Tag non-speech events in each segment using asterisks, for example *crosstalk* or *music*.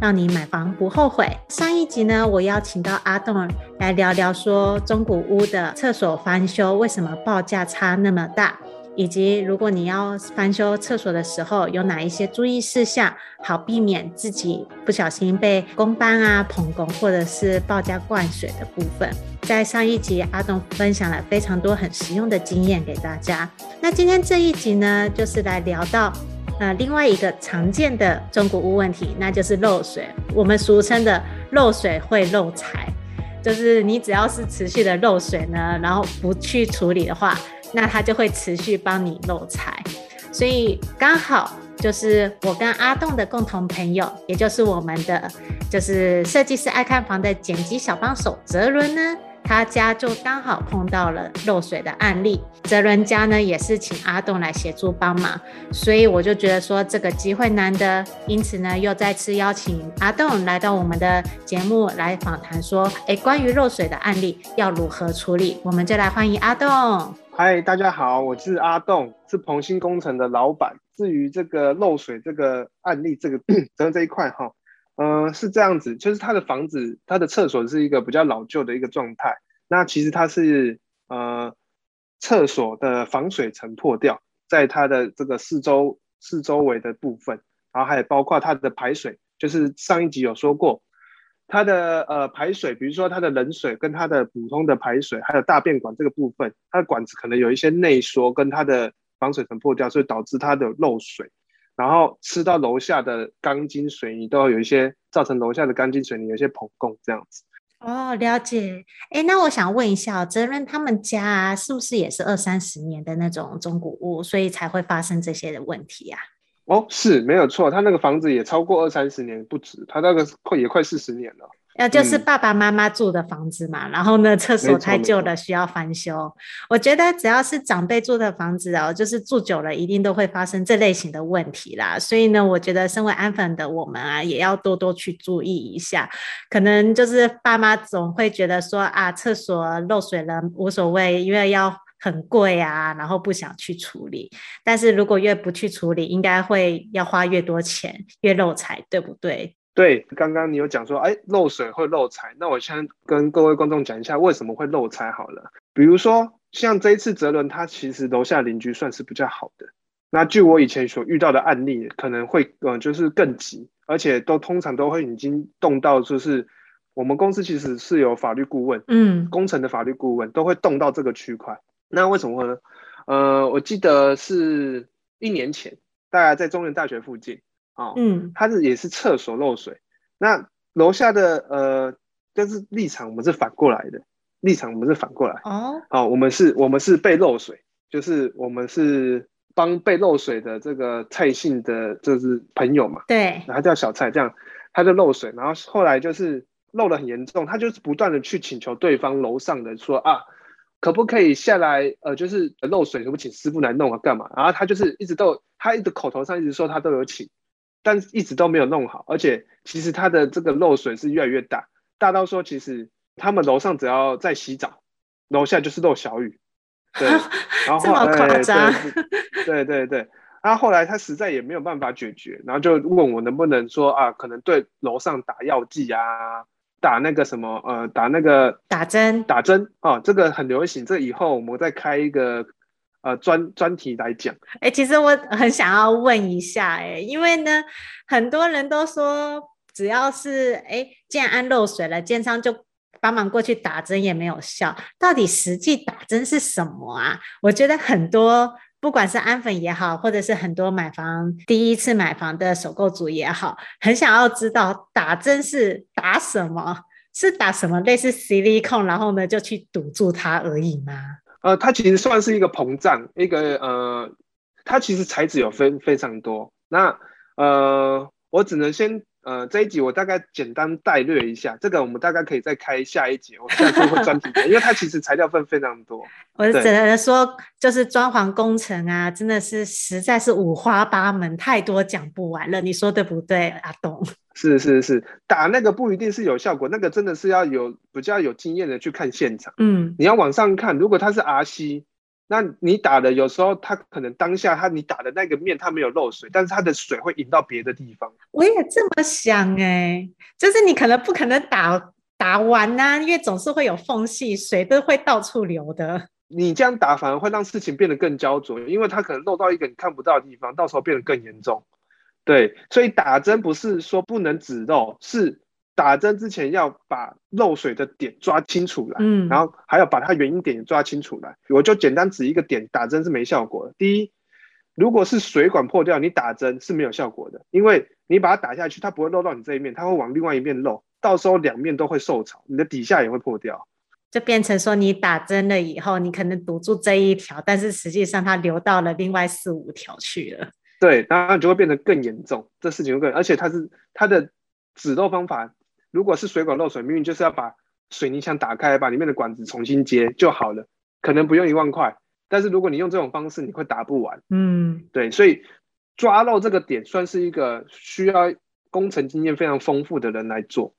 讓你買房不後悔。上一集呢，我邀請到阿棟來聊聊，說中古屋的廁所翻修為什麼報價差那麼大，以及如果你要翻修廁所的時候，有哪一些注意事項，好避免自己不小心被工班啊、棚工或者是報價灌水的部分。在上一集，阿棟分享了非常多很實用的經驗給大家。那今天這一集呢，就是來聊到。那、呃、另外一個常見的中古屋問題，那就是漏水。我們俗稱的漏水會漏財，就是你只要是持續的漏水呢，然後不去處理的話，那它就會持續幫你漏財。所以剛好就是我跟阿棟的共同朋友，也就是我們的就是設計師愛看房的剪輯小幫手哲倫呢。他家就剛好碰到了漏水的案例，哲倫家呢也是請阿棟來協助幫忙，所以我就覺得說這個機會難得，因此呢又再次邀請阿棟來到我們的節目來訪談，說、欸、哎關於漏水的案例要如何處理，我們就來歡迎阿棟。嗨，大家好，我是阿棟，是鵬興工程的老闆。至於這個漏水這個案例，這個責任 *coughs* 這一塊哈。吼呃，是這樣子，就是他的房子，他的廁所是一個比較老舊的一個狀態。那其實它是，呃，廁所的防水層破掉，在它的這個四周四周圍的部分，然後還有包括它的排水，就是上一集有說過，它的呃排水，比如說它的冷水跟它的普通的排水，還有大便管這個部分，它的管子可能有一些內縮，跟它的防水層破掉，所以導致它的漏水。然後吃到樓下的鋼筋水泥，都有有一些造成樓下的鋼筋水泥有一些膨拱這樣子。哦，了解。哎，那我想問一下，哲人他們家、啊、是不是也是二三十年的那種中古屋，所以才會發生這些的問題呀、啊？哦，是沒有錯，他那個房子也超過二三十年不止，他那個快也快四十年了。那、啊、就是爸爸媽媽住的房子嘛，嗯、然後呢，廁所太舊了，沒錯，需要翻修。我覺得只要是長輩住的房子哦、啊，就是住久了，一定都會發生這類型的問題啦。所以呢，我覺得身為安 an 粉的我們啊，也要多多去注意一下。可能就是爸媽總會覺得說啊，廁所漏水了無所謂，因為要很貴啊，然後不想去處理。但是如果越不去處理，應該會要花越多錢，越漏財，對不對？對，剛剛你有講說，哎，漏水會漏財，那我先跟各位觀眾講一下為什麼會漏財好了。比如說，像這一次澤倫，他其實樓下鄰居算是比較好的。那據我以前所遇到的案例，可能會，嗯，就是更急，而且都通常都會已經動到，就是我們公司其實是有法律顧問，嗯，工程的法律顧問都會動到這個區塊。那為什麼呢？呃，我記得是一年前，大概在中原大學附近。哦，嗯，他是也是廁所漏水，那樓下的呃，就是立場我們是反過來的，立場我們是反過來。哦，哦，我們是我們是被漏水，就是我們是幫被漏水的這個蔡姓的，就是朋友嘛。對，然後他叫小蔡這樣，他就漏水，然後後來就是漏得很嚴重，他就是不斷的去請求對方樓上的說啊，可不可以下來，呃，就是漏水，我們請師傅來弄啊，幹嘛？然後他就是一直都，他一直口頭上一直說他都有請。但一直都沒有弄好，而且其實他的這個漏水是越來越大，大到說其實他們樓上只要在洗澡，樓下就是漏小雨。對，然後這麼誇張？哎、對對對，對，對。啊後來他實在也沒有辦法解決，然後就問我能不能說啊，可能對樓上打藥劑啊，打那個什麼呃，打那個打針打針啊、哦、這個很流行。這個、以後我們再開一個。呃，專專題來講，哎、欸，其實我很想要問一下、欸，哎，因為呢，很多人都說，只要是哎建、欸、案漏水了，建商就幫忙過去打針，也沒有效。到底實際打針是什麼啊？我覺得很多，不管是安粉也好，或者是很多買房第一次買房的首購族也好，很想要知道打針是打什麼，是打什麼類似矽利康，然後呢就去堵住它而已嗎？呃，它其實算是一個膨脹，一個呃，它其實材質有非非常多。那呃，我只能先。呃，這一集我大概簡單帶略一下，這個我們大概可以再開下一集。我們再做專題， *laughs* 因為它其實材料分非常多。我只能說，對就是裝潢工程啊，真的是實在是五花八門，太多講不完了，你說對不對，阿棟？是是是，打那個不一定是有效果，那個真的是要有比較有經驗的去看現場。嗯，你要往上看，如果他是 RC。那你打的有時候，他可能當下他你打的那個面，他沒有漏水，但是他的水會引到別的地方。我也這麼想哎，就是你可能不可能打打完呢，因為總是會有縫隙，水都會到處流的。你這樣打反而會讓事情變得更焦灼，因為他可能漏到一個你看不到的地方，到時候變得更嚴重。對，所以打針不是說不能止漏，是。打針之前要把漏水的點抓清楚了，嗯，然後還要把它原因點也抓清楚了。我就簡單指一個點，打針是沒效果的。第一，如果是水管破掉，你打針是沒有效果的，因為你把它打下去，它不會漏到你這一面，它會往另外一面漏，到時候兩面都會受潮，你的底下也會破掉，就變成說你打針了以後，你可能堵住這一條，但是實際上它流到了另外四五條去了。對，然後就會變得更嚴重，這事情會更，而且它是它的止漏方法。如果是水管漏水，明明就是要把水泥牆打開，把裡面的管子重新接就好了，可能不用一萬塊。但是如果你用這種方式，你會打不完。嗯，對，所以抓漏這個點算是一個需要工程經驗非常豐富的人來做。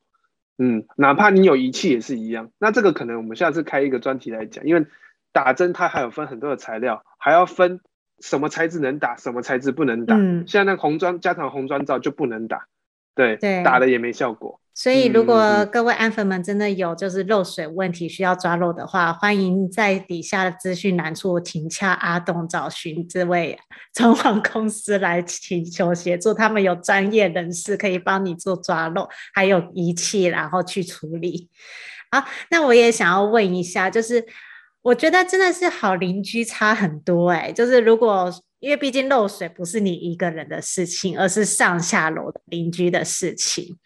嗯，哪怕你有儀器也是一樣。那這個可能我們下次開一個專題來講，因為打針它還有分很多的材料，還要分什麼材質能打，什麼材質不能打。現在、嗯、那個紅磚、加上紅磚灶就不能打，對，對打了也沒效果。所以，如果各位安粉們真的有就是漏水問題需要抓漏的話，嗯、歡迎在底下的資訊欄處請洽阿東找尋這位裝潢公司來請求協助，他們有專業人士可以幫你做抓漏，還有儀器，然後去處理。好，那我也想要問一下，就是我覺得真的是好鄰居差很多哎、欸，就是如果因為畢竟漏水不是你一個人的事情，而是上下樓的鄰居的事情。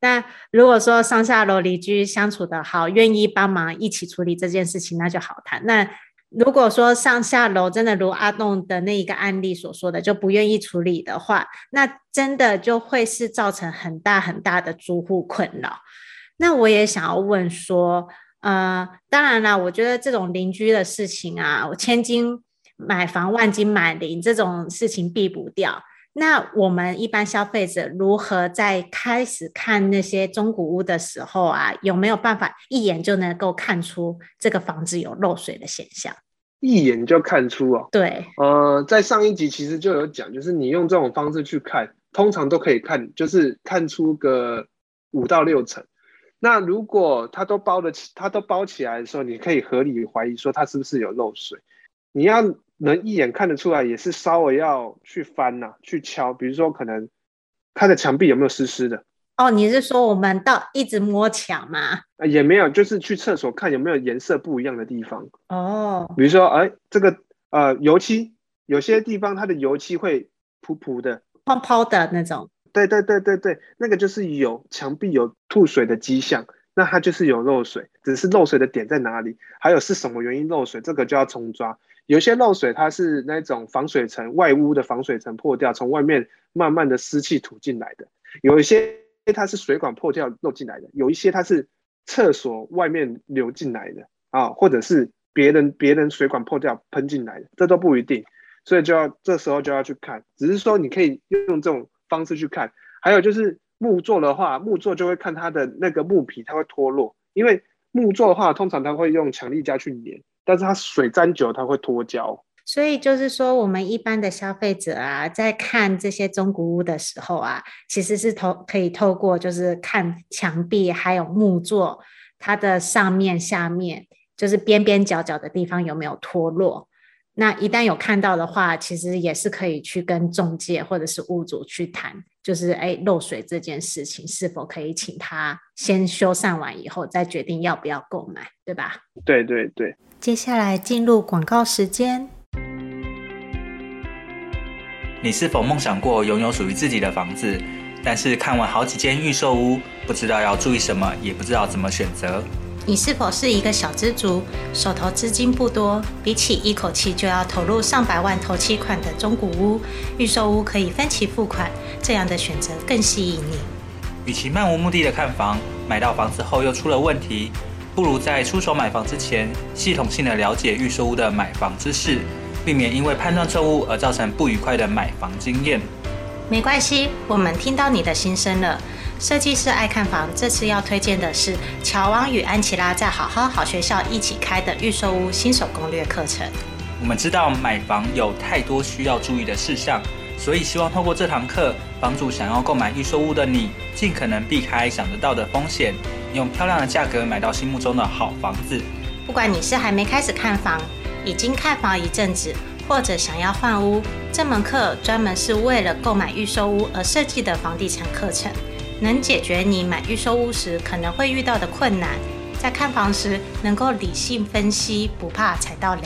那如果說上下樓鄰居相處得好，願意幫忙一起處理這件事情，那就好談。那如果說上下樓真的如阿棟的那一個案例所說的，就不願意處理的話，那真的就會是造成很大很大的租戶困擾。那我也想要問說，呃，當然啦，我覺得這種鄰居的事情啊，千金買房萬金買鄰這種事情避不掉。那我們一般消費者如何在開始看那些中古屋的時候啊，有沒有辦法一眼就能夠看出這個房子有漏水的現象？一眼就看出哦？對，呃，在上一集其實就有講，就是你用這種方式去看，通常都可以看，就是看出個五到六成。那如果它都包得起，它都包起來的時候，你可以合理懷疑說它是不是有漏水？你要能一眼看得出來，也是稍微要去翻吶、啊，去敲，比如說可能它的牆壁有沒有濕濕的？哦，你是說我們到一直摸牆嗎？呃，也沒有，就是去廁所看有沒有顏色不一樣的地方。哦，比如說，哎、欸，這個呃，油漆有些地方它的油漆會噗噗的、泡泡的那種。對對對對對，那個就是有牆壁有吐水的跡象，那它就是有漏水，只是漏水的點在哪裡，還有是什麼原因漏水，這個就要重抓。有些漏水，它是那種防水層外屋的防水層破掉，從外面慢慢的濕氣吐進來的；有一些它是水管破掉漏進來的；有一些它是廁所外面流進來的啊，或者是別人別人水管破掉噴進來的，這都不一定，所以就要這時候就要去看，只是說你可以用這種方式去看。還有就是木作的話，木作就會看它的那個木皮它會脫落，因為木作的話，通常它會用強力膠去粘。但是它水沾久，它會脫膠。所以就是說，我們一般的消費者啊，在看這些中古屋的時候啊，其實是透可以透過就是看牆壁還有木作，它的上面、下面，就是邊邊角角的地方有沒有脫落。那一旦有看到的話，其實也是可以去跟仲介或者是屋主去談，就是哎、欸、漏水這件事情是否可以請他先修繕完以後再決定要不要購買，對吧？對對對。接下來進入廣告時間。你是否夢想過擁有屬於自己的房子？但是看完好幾間預售屋，不知道要注意什麼，也不知道怎麼選擇？你是否是一個小資族，手頭資金不多？比起一口氣就要投入上百萬頭期款的中古屋，預售屋可以分期付款，這樣的選擇更吸引你。與其漫無目的的看房，買到房子後又出了問題。不如在出手買房之前，系統性的了解預售屋的買房知識，避免因為判斷錯誤而造成不愉快的買房經驗。沒關係，我們聽到你的心聲了。設計師愛看房，這次要推薦的是喬王與安琪拉在好好好學校一起開的預售屋新手攻略課程。我們知道買房有太多需要注意的事項，所以希望透過這堂課，幫助想要購買預售屋的你，盡可能避開想得到的風險。用漂亮的價格買到心目中的好房子。不管你是還沒開始看房、已經看房一陣子，或者想要換屋，這門課專門是為了購買預售屋而設計的房地產課程，能解決你買預售屋時可能會遇到的困難，在看房時能夠理性分析，不怕踩到雷。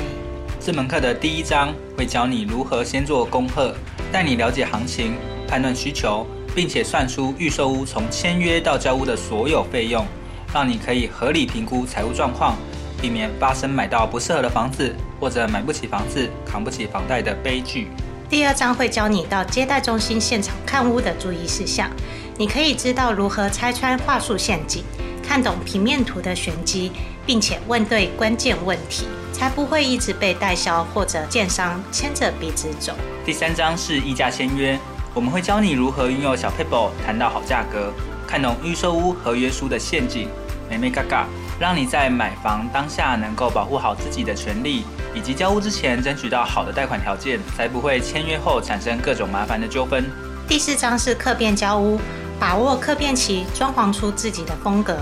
這門課的第一章會教你如何先做功課，帶你了解行情，判斷需求。並且算出預售屋從簽約到交屋的所有費用，讓你可以合理評估財務狀況，避免發生買到不適合的房子，或者買不起房子、扛不起房貸的悲劇。第二章會教你到接待中心現場看屋的注意事項，你可以知道如何拆穿話術陷阱，看懂平面圖的玄機，並且問對關鍵問題，才不會一直被代銷或者建商牽着鼻子走。第三章是議價簽約。我們會教你如何擁有小撇步，談到好價格，看懂預售屋合約書的陷阱，眉眉角角，讓你在買房當下能夠保護好自己的權利，以及交屋之前爭取到好的貸款條件，才不會簽約後產生各種麻煩的糾紛。第四章是客變交屋，把握客變期，裝潢出自己的風格，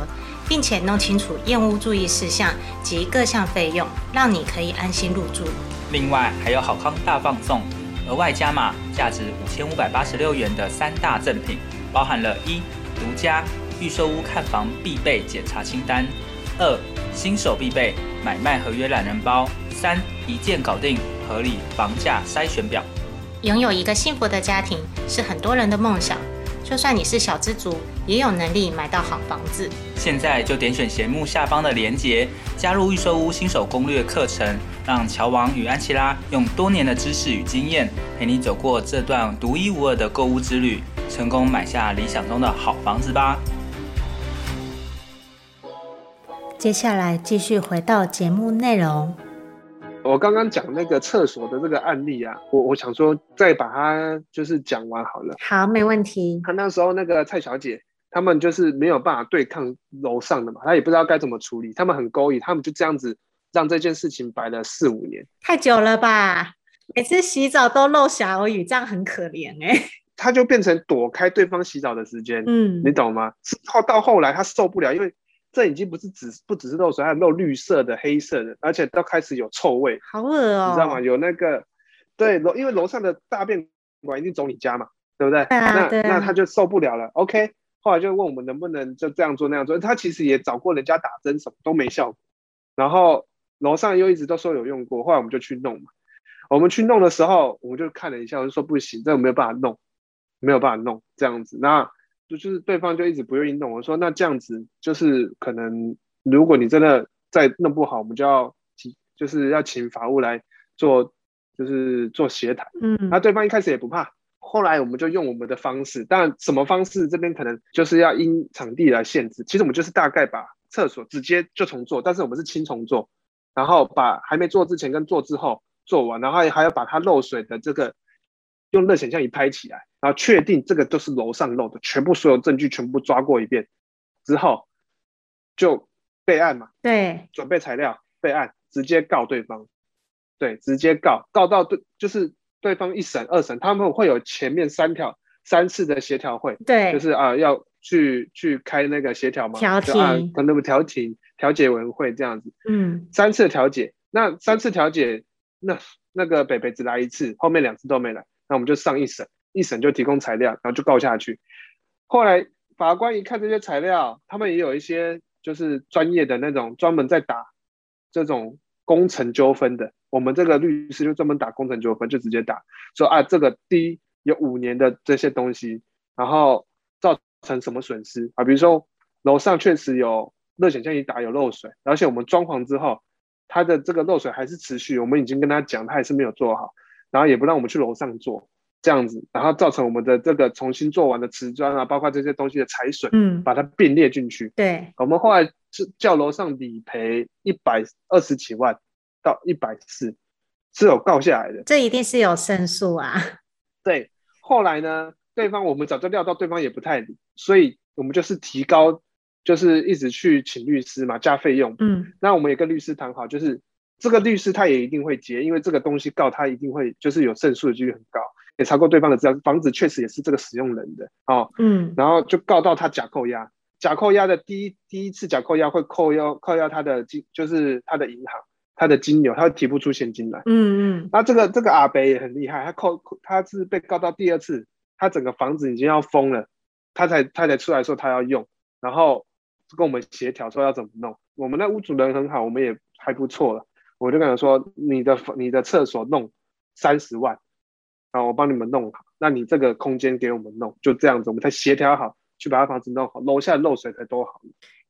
並且弄清楚驗屋注意事項及各項費用，讓你可以安心入住。另外還有好康大放送。額外加碼，價值五千五百八十六元的三大贈品，包含了一獨家預售屋看房必備檢查清單，二新手必備買賣合約懶人包，三一鍵搞定合理房價篩選表。擁有一個幸福的家庭是很多人的夢想。就算你是小資族，也有能力買到好房子。現在就點選節目下方的連結，加入預售屋新手攻略課程，讓喬王與安琪拉用多年的知識與經驗，陪你走過這段獨一無二的購物之旅，成功買下理想中的好房子吧。接下來繼續回到節目內容。我剛剛講那個廁所的這個案例啊，我我想說再把它就是講完好了。好，沒問題。他那時候那個蔡小姐，他們就是沒有辦法對抗樓上的嘛，他也不知道該怎麼處理，他們很勾引，他們就這樣子讓這件事情擺了四五年，太久了吧？每次洗澡都漏下而已，這樣很可憐哎、欸。他就變成躲開對方洗澡的時間，嗯，你懂嗎？後到，到後來他受不了，因為。這已經不是只不只是漏水，還有漏綠色的、黑色的，而且都開始有臭味，好惡哦，你知道嗎？有那個，對樓，對因為樓上的大便管一定走你家嘛，對不對？對啊，那對那他就受不了了。OK，後來就問我們能不能就這樣做那樣做，他其實也找過人家打針，什麼都沒效果。然後樓上又一直都說有用過，後來我們就去弄嘛。我們去弄的時候，我們就看了一下，我就說不行，這沒有辦法弄，沒有辦法弄這樣子。那就就是對方就一直不願意弄，我說那這樣子就是可能，如果你真的再弄不好，我們就要請就是要請法務來做，就是做協談。嗯，那對方一開始也不怕，後來我們就用我們的方式，當然什麼方式，這邊可能就是要因場地來限制。其實我們就是大概把廁所直接就重做，但是我們是輕重做，然後把還沒做之前跟做之後做完，然後還要把它漏水的這個用熱顯像儀拍起來。然後確定這個都是樓上漏的，全部所有證據全部抓過一遍之後，就備案嘛，對，準備材料備案，直接告對方，對，直接告，告到對，就是對方一審、二審，他們會有前面三條三次的協調會，對，就是啊，要去去開那個協調嘛，調停，跟他們、啊、調停調解委員會這樣子，嗯，三次調解，那三次調解，那那個北北只來一次，後面兩次都沒來，那我們就上一審。一審就提供材料，然後就告下去。後來法官一看這些材料，他們也有一些就是專業的那種專門在打這種工程糾紛的。我們這個律師就專門打工程糾紛，就直接打。說啊，這個低有五年的這些東西，然後造成什麼損失啊？比如說樓上確實有熱水器一打有漏水，而且我們裝潢之後，他的這個漏水還是持續。我們已經跟他講，他還是沒有做好，然後也不讓我們去樓上做。這樣子，然後造成我們的這個重新做完的瓷磚啊，包括這些東西的財損，嗯，把它併列進去。對，我們後來是叫樓上理賠一百二十幾萬到一百四，是有告下來的。這一定是有勝訴啊。對，後來呢，對方我們早就料到對方也不太理，所以我們就是提高，就是一直去請律師嘛，加費用。嗯，那我們也跟律師談好，就是。這個律師他也一定會接，因為這個東西告他一定會就是有勝訴的幾率很高，也查過對方的資料。房子確實也是這個使用人的，哦，嗯，然後就告到他假扣押。假扣押的第一第一次假扣押會扣要扣押他的金，就是他的銀行，他的金流，他會提不出現金來。嗯嗯。那這個這個阿北也很厲害，他扣他是被告到第二次，他整個房子已經要封了，他才他才出來說他要用，然後跟我們協調說要怎麼弄。我們那屋主人很好，我們也還不錯了。我就跟他說：“你的你的廁所弄三十萬，然後我幫你們弄好。那你這個空間給我們弄，就這樣子，我們才協調好去把他房子弄好。樓下漏水才多好。”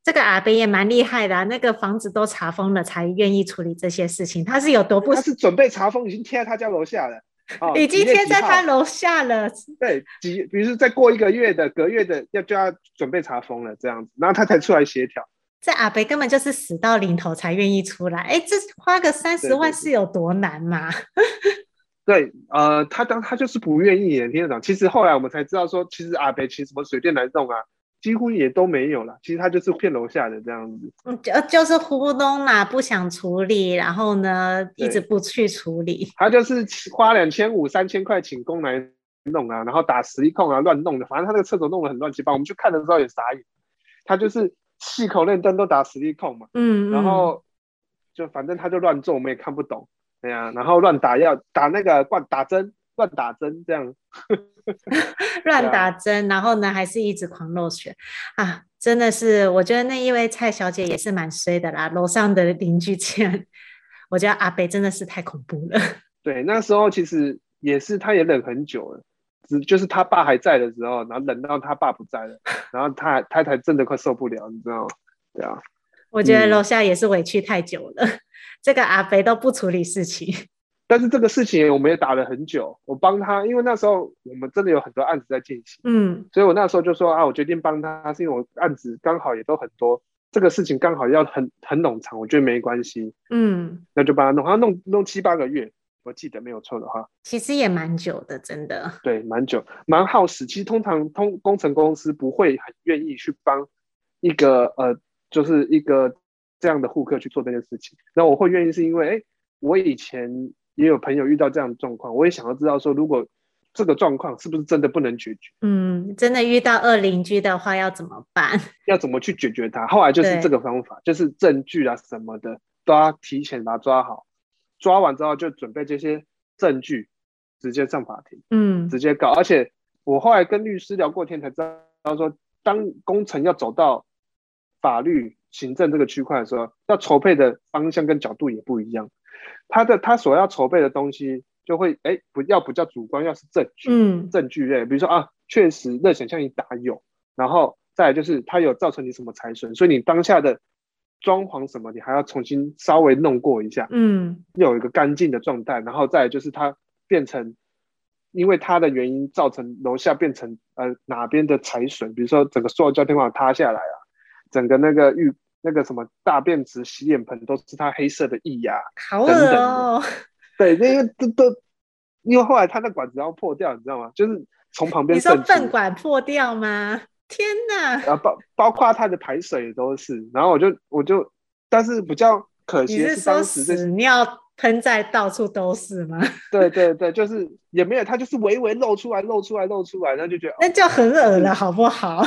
這個阿伯也蠻厲害的、啊，那個房子都查封了才願意處理這些事情。他是有多不？他是準備查封，已經貼在他家樓下了。哦、已經貼在,在他樓下了。對，幾比如說再過一個月的、隔月的，要就要準備查封了，這樣子，然後他才出來協調。這阿伯根本就是死到臨頭才願意出來，哎，這花個三十萬是有多難嗎？對，呃，他當他就是不願意，聽得懂。其實後來我們才知道說，說其實阿伯請什麼水電來弄啊，幾乎也都沒有了。其實他就是騙樓下的這樣子，就就是糊弄嘛，不想處理，然後呢一直不去處理。他就是花兩千五、三千塊請工來弄啊，然後打矽利康啊，亂弄的，反正他那個廁所弄得很亂七八糟。我們去看的時候也傻眼，他就是。嗯細口連燈都打矽利康嘛，嗯，然後就反正他就亂做，我們也看不懂，哎呀、啊，然後亂打藥，打那個亂打針，亂打針這樣，亂打針， *laughs* 啊、然後呢還是一直狂漏血啊，真的是，我覺得那一位蔡小姐也是蠻衰的啦，樓上的鄰居這樣，我覺得阿北真的是太恐怖了。對，那時候其實也是，他也忍很久了。就是他爸還在的時候，然後等到他爸不在了，然後他他才真的快受不了，你知道嗎？對啊，我覺得樓下也是委屈太久了，嗯，這個阿肥都不處理事情。但是這個事情我們也打了很久，我幫他，因為那時候我們真的有很多案子在進行，嗯，所以我那時候就說啊，我決定幫他，是因為我案子剛好也都很多，這個事情剛好要很很冗長，我覺得沒關係，嗯，那就幫他弄，他弄弄七八個月。我記得沒有錯的話，其實也蠻久的，真的。對，蠻久，蠻耗時。其實通常通工程公司不會很願意去幫一個呃，就是一個這樣的顧客去做這件事情。那我會願意是因為，哎、欸，我以前也有朋友遇到這樣的狀況，我也想要知道說，如果這個狀況是不是真的不能解決？嗯，真的遇到惡鄰居的話要怎麼辦？要怎麼去解決他？後來就是這個方法，對就是證據啊什麼的都要提前把、啊、它抓好。抓完之後就準備這些證據，直接上法庭，嗯，直接告。而且我後來跟律師聊過天，才知道說，當工程要走到法律行政這個區塊的時候，要籌備的方向跟角度也不一樣。他的他所要籌備的東西就會，哎，不要不叫主觀，要是證據，嗯，證據類，比如說啊，確實那想象，你打有，然後再來就是他有造成你什麼財損，所以你當下的。裝潢什麼，你還要重新稍微弄過一下，嗯，又有一個乾淨的狀態，然後再就是它變成，因為它的原因造成樓下變成呃哪邊的災損，比如說整個塑膠天花板塌下來了、啊，整個那個浴那個什麼大便池洗臉盆都是它黑色的液呀、啊，好噁哦、喔，對，因為都都因為後來它的管子要破掉，你知道嗎？就是從旁邊你說糞管破掉嗎？天吶！包包括它的排水也都是，然後我就我就，但是比較可惜的是，當時尿噴在到處都是嘛。對對對，就是也沒有，它就是微微露出來，露出來，露出來，那就覺得那就很惡了好不好？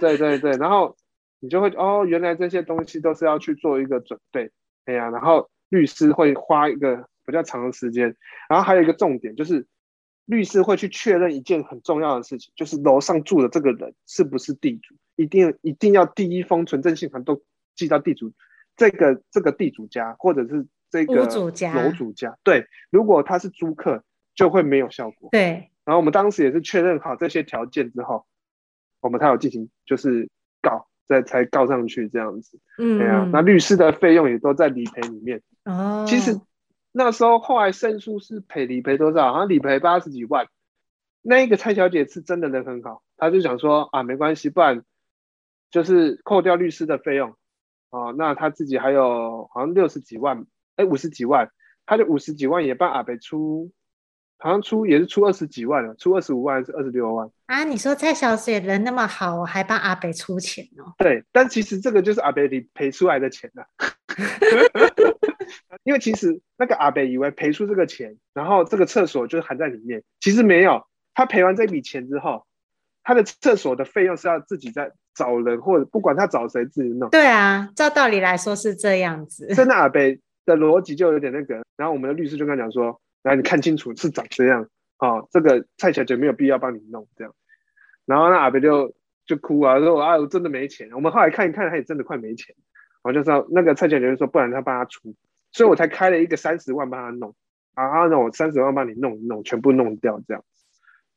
對對對，然後你就會哦，原來這些東西都是要去做一個準備，哎呀、啊，然後律師會花一個比較長的時間，然後還有一個重點就是。律師會去確認一件很重要的事情，就是樓上住的這個人是不是地主，一定一定要第一封存證信函都寄到地主這個這個地主家，或者是這個樓主家、屋主家。對，如果他是租客，就會沒有效果。對。然後我們當時也是確認好這些條件之後，我們才有進行就是告，再才告上去這樣子。對啊。嗯。那律師的費用也都在理賠裡面。哦。其實。那時候後來勝訴是賠理賠多少？好像理賠八十幾萬。那個蔡小姐是真的人很好，她就想說啊，沒關係，不然就是扣掉律師的費用啊，那她自己還有好像六十幾萬，哎、欸，五十幾萬，她就五十幾萬也幫阿北出，好像出也是出二十幾萬了，出二十五萬還是二十六萬啊？你說蔡小姐人那麼好，我還幫阿北出錢哦？對，但其實這個就是阿北理賠出來的錢了、啊。 *laughs* 因為其實那個阿伯以為賠出這個錢，然後這個廁所就是含在裡面，其實沒有。他賠完這筆錢之後，他的廁所的費用是要自己再找人或者不管他找誰自己弄。對啊，照道理來說是這樣子。真的阿伯的邏輯就有點那個，然後我們的律師就跟他講說：“來，你看清楚是長這樣啊、哦，這個蔡小姐沒有必要幫你弄這樣。”然後那阿伯就就哭啊，說：“啊、哎，我真的沒錢。”我們後來看一看，他也真的快沒錢。我就知道那個蔡小姐就說：“不然他幫他出。”所以我才開了一個三十萬幫他弄，啊，那我三十萬幫你弄，一弄，弄全部弄掉，這樣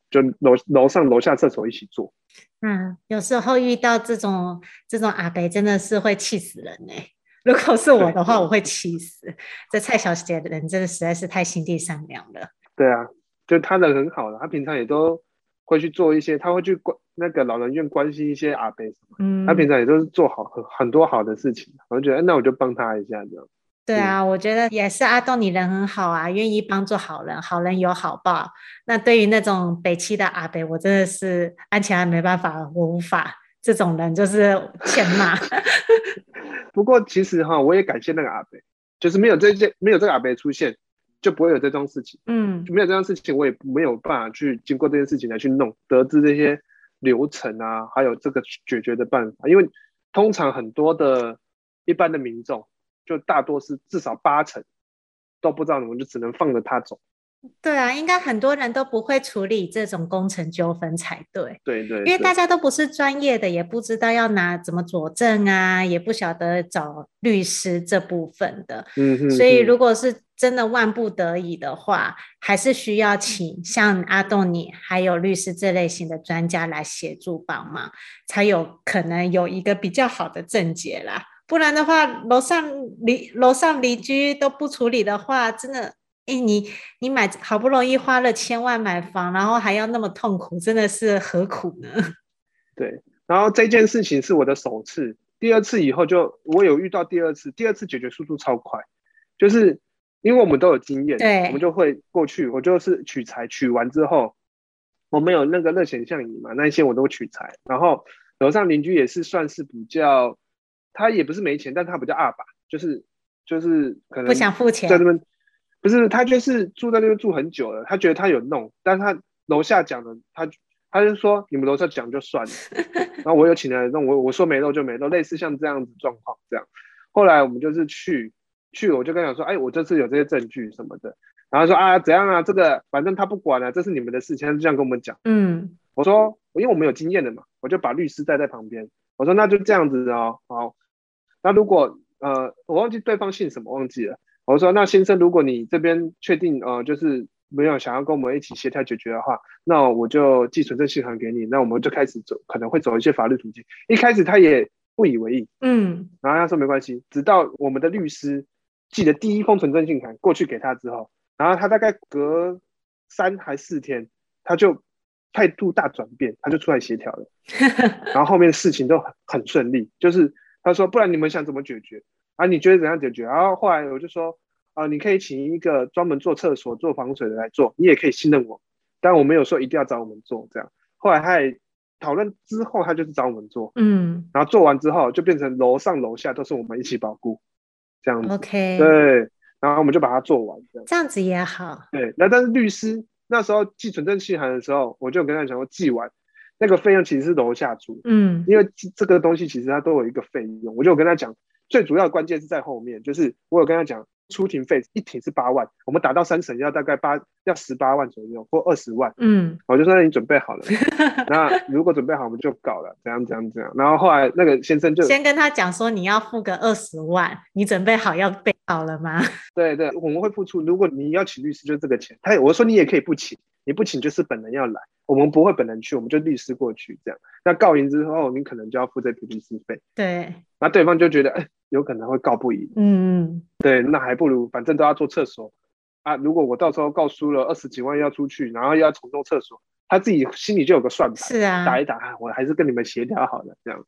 就樓樓上樓下廁所一起做。嗯，有時候遇到這種這種阿伯，真的是會氣死人哎、欸！如果是我的話，我會氣死。這蔡小姐的人真的實在是太心地善良了。對啊，就他人很好了，他平常也都會去做一些，他會去關那個老人院，關心一些阿伯什麼。嗯，他平常也都是做好很很多好的事情，我就覺得、欸、那我就幫他一下這樣。對啊，我覺得也是阿棟，你人很好啊，願意幫助好人，好人有好報。那對於那種北七的阿北，我真的是安琪拉，我沒辦法，我無法，這種人就是欠罵。 *laughs* 不過其實哈，我也感謝那個阿北，就是沒有這件，沒有這個阿北出現，就不會有這樁事情。嗯，就沒有這樁事情，我也沒有辦法去經過這件事情來去弄，得知這些流程啊，還有這個解決的辦法。因為通常很多的一般的民眾。就大多是至少八成都不知道怎麼，就只能放着他走。對啊，應該很多人都不會處理這種工程糾紛才對。對對、對。因為大家都不是專業的，對對對，也不知道要拿怎麼佐證啊，也不曉得找律師這部分的。嗯哼嗯。所以，如果是真的萬不得已的話，嗯嗯，還是需要請像阿棟你還有律師這類型的專家來協助幫忙，才有可能有一個比較好的症結啦。不然的話，樓上鄰樓上鄰居都不處理的話，真的，哎、欸，你你買好不容易花了千萬買房，然後還要那麼痛苦，真的是何苦呢？對，然後這件事情是我的首次，第二次以後就，我有遇到第二次，第二次解決速度超快，就是因為我們都有經驗，對，我們就會過去，我就是取材，取完之後，我們有那個熱成像儀嘛，那些我都取材，然後樓上鄰居也是算是比較。他也不是沒錢，但他比較鴨霸，就是就是可能不想付錢在那邊，不是他就是住在那邊住很久了，他覺得他有弄，但是他樓下講的他他就說你們樓下講就算了， *laughs* 然後我有請人弄我我說沒弄就沒弄，類似像這樣子狀況這樣，後來我們就是去去我就跟他說，哎我這次有這些證據什麼的，然後他說啊怎樣啊這個反正他不管了，啊，這是你們的事情，他就這樣跟我們講，嗯，我說因為我們有經驗的嘛，我就把律師帶在旁邊。我說那就這樣子哦，好，那如果呃我忘記對方姓什麼忘記了，我說那先生，如果你這邊確定呃就是沒有想要跟我們一起協調解決的話，那我就寄存證信函給你，那我們就開始走可能會走一些法律途徑。一開始他也不以為意，嗯，然後他說沒關係，直到我們的律師寄的第一封存證信函過去給他之後，然後他大概隔三還是四天他就。態度大轉變，他就出來協調了，然後後面的事情都很很順利。 *laughs* 就是他說，不然你們想怎麼解決？啊，你覺得怎樣解決？然後後來我就說，啊、呃，你可以請一個專門做廁所做防水的來做，你也可以信任我，但我沒有說一定要找我們做這樣。後來他討論之後，他就是找我們做，嗯，然後做完之後就變成樓上樓下都是我們一起保固這樣 OK、嗯、對，然後我們就把它做完這樣，這樣子也好。對，那但是律師。那時候寄存證信函的時候，我就有跟他講說，寄完那個費用其實是樓下出，嗯，因為這個東西其實它都有一個費用，我就有跟他講，最主要的關鍵是在後面，就是我有跟他講。出庭費一庭是八萬，我們打到三審要大概八要十八萬左右或二十萬。嗯，我就說你準備好了， *laughs* 那如果準備好我們就搞了，怎樣怎樣怎樣。然後後來那個先生就先跟他講說，你要付個二十萬，你準備好要備好了嗎？對對，我們會付出。如果你要請律師，就這個錢。他我說你也可以不請，你不請就是本人要來，我們不會本人去，我們就律師過去這樣。那告贏之後，你可能就要付這筆律師費。對，那、啊、對方就覺得有可能會告不贏，嗯嗯，對，那還不如反正都要做廁所啊！如果我到時候告輸了二十幾萬要出去，然後又要重弄廁所，他自己心裡就有個算盤，是啊，打一打，我還是跟你們協調好了這樣，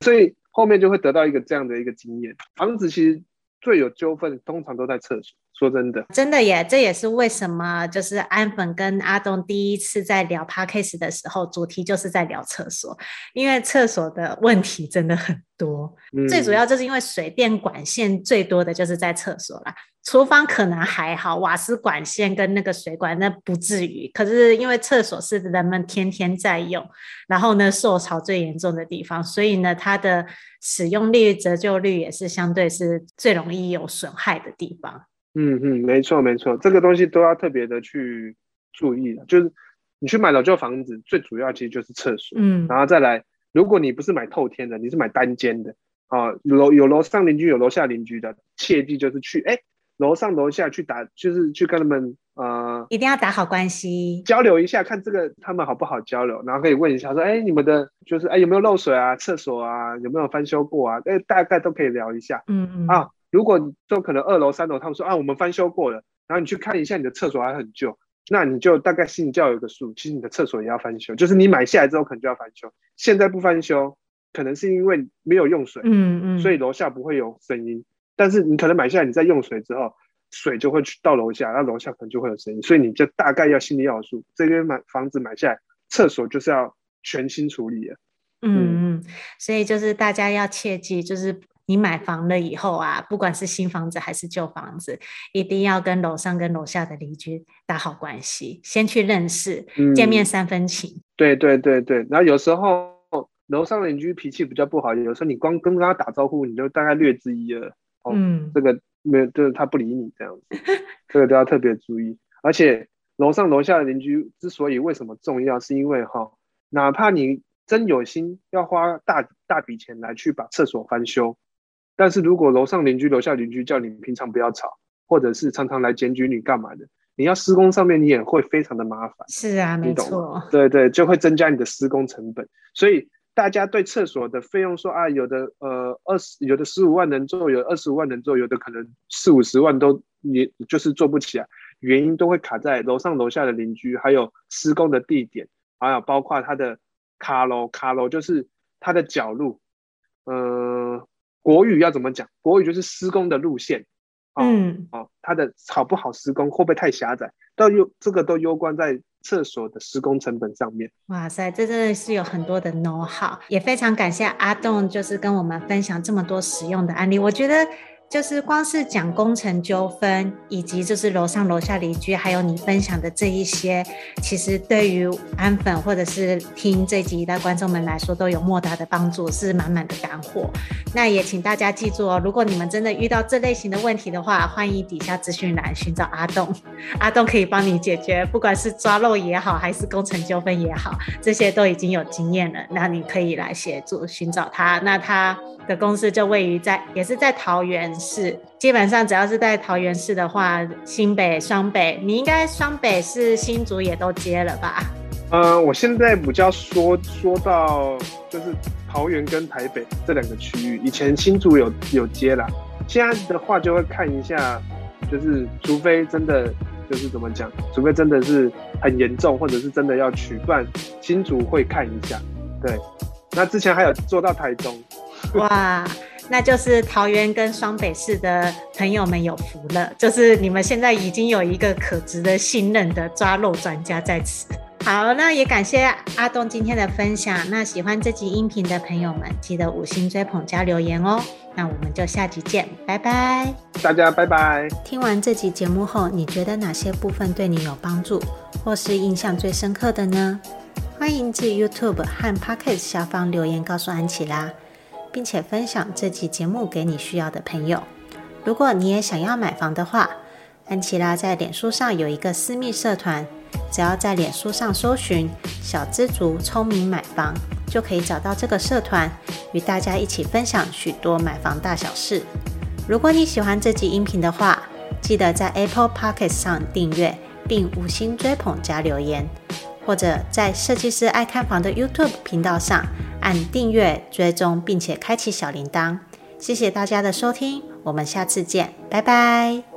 所以後面就會得到一個這樣的一個經驗，房子其實。最有糾紛通常都在廁所，說真的，真的耶，這也是為什麼就是安粉跟阿東第一次在聊 Podcast 的時候，主題就是在聊廁所，因為廁所的問題真的很多，嗯、最主要就是因為水電管線最多的就是在廁所了。廚房可能還好，瓦斯管線跟那個水管那不至於。可是因為廁所是人們天天在用，然後呢，受潮最嚴重的地方，所以呢，它的使用率、折舊率也是相對是最容易有損害的地方。嗯嗯，沒錯沒錯，這個東西都要特別的去注意。就是你去買老舊房子，最主要其實就是廁所。嗯，然後再來，如果你不是買透天的，你是買單間的啊，呃、有樓有樓上鄰居有樓下鄰居的，切記就是去哎。誒樓上樓下去打，就是去跟他們呃，一定要打好關係，交流一下，看這個他們好不好交流，然後可以問一下說，哎，你們的就是哎有沒有漏水啊，廁所啊有沒有翻修過啊？哎，大概都可以聊一下。嗯嗯啊，如果說可能二樓三樓，他們說啊我們翻修過了，然後你去看一下你的廁所還很舊，那你就大概心裡就要有個數，其實你的廁所也要翻修，就是你買下來之後可能就要翻修。現在不翻修，可能是因為沒有用水，嗯嗯，所以樓下不會有聲音。但是你可能買下來，你在用水之後，水就會去到樓下，那樓下可能就會有聲音，所以你就大概要心裡要有數，這邊買房子買下來，廁所就是要全新處理了。嗯嗯，嗯，所以就是大家要切記，就是你買房了以後啊，不管是新房子還是舊房子，一定要跟樓上跟樓下的鄰居打好關係，先去認識，見面三分情。嗯、對對對對，然後有時候樓上的鄰居脾氣比較不好，有時候你光跟跟他打招呼，你就大概略知一二。哦、嗯，這個沒有，就是他不理你這樣子， *laughs* 這個都要特別注意。而且樓上樓下的鄰居之所以為什麼重要，是因為哈、哦，哪怕你真有心要花大大筆錢來去把廁所翻修，但是如果樓上鄰居、樓下鄰居叫你平常不要吵，或者是常常來檢舉你幹嘛的，你要施工上面你也會非常的麻煩。是啊，你懂。 *laughs* 對對，就會增加你的施工成本，所以。大家對廁所的費用說啊，有的呃二十，有的十五萬能做，有二十五萬能做，有的可能四五十萬都你就是做不起啊。原因都會卡在樓上樓下的鄰居，還有施工的地點，還有包括它的卡樓，卡樓就是它的角落，呃，國語要怎麼講？國語就是施工的路線，嗯，哦，它的好不好施工，會不會太狹窄？都有這個都有關在廁所的施工成本上面。哇塞，這真的是有很多的 know how，也非常感謝阿棟，就是跟我們分享這麼多實用的案例。我覺得。就是光是講工程糾紛，以及就是樓上樓下鄰居，還有你分享的這一些，其實對於安粉或者是聽這集的觀眾們來說，都有莫大的幫助，是滿滿的乾貨。那也請大家記住哦，如果你們真的遇到這類型的問題的話，歡迎底下資訊欄尋找阿棟，阿棟可以幫你解決，不管是抓漏也好，還是工程糾紛也好，這些都已經有經驗了。那你可以來協助尋找他，那他的公司就位於在也是在桃園。基本上只要是在桃園市的話，新北、雙北，你應該雙北是新竹也都接了吧？嗯、呃，我現在比較說說到就是桃園跟台北這兩個區域，以前新竹有有接啦，現在的話就會看一下，就是除非真的就是怎麼講，除非真的是很嚴重，或者是真的要取辦，新竹會看一下。對，那之前還有做到台中。哇。那就是桃園跟雙北市的朋友們有福了，就是你們現在已經有一個可值得信任的抓漏專家在此。好，那也感謝阿棟今天的分享。那喜歡這集音頻的朋友們，記得五星追捧加留言哦。那我們就下集見，拜拜，大家拜拜。聽完這集節目後，你覺得哪些部分對你有幫助，或是印象最深刻的呢？歡迎至 YouTube 和 Podcast 下方留言告訴安琪拉。並且分享這集節目給你需要的朋友。如果你也想要買房的話，安琪拉在臉書上有一個私密社團，只要在臉書上搜尋“小資族聰明買房”，就可以找到這個社團，與大家一起分享許多買房大小事。如果你喜歡這集音頻的話，記得在 Apple Podcast 上訂閱，並五星追捧加留言。或者在設計師愛看房的 YouTube 頻道上按訂閱追蹤，並且開啟小鈴鐺。謝謝大家的收聽，我們下次見，拜拜。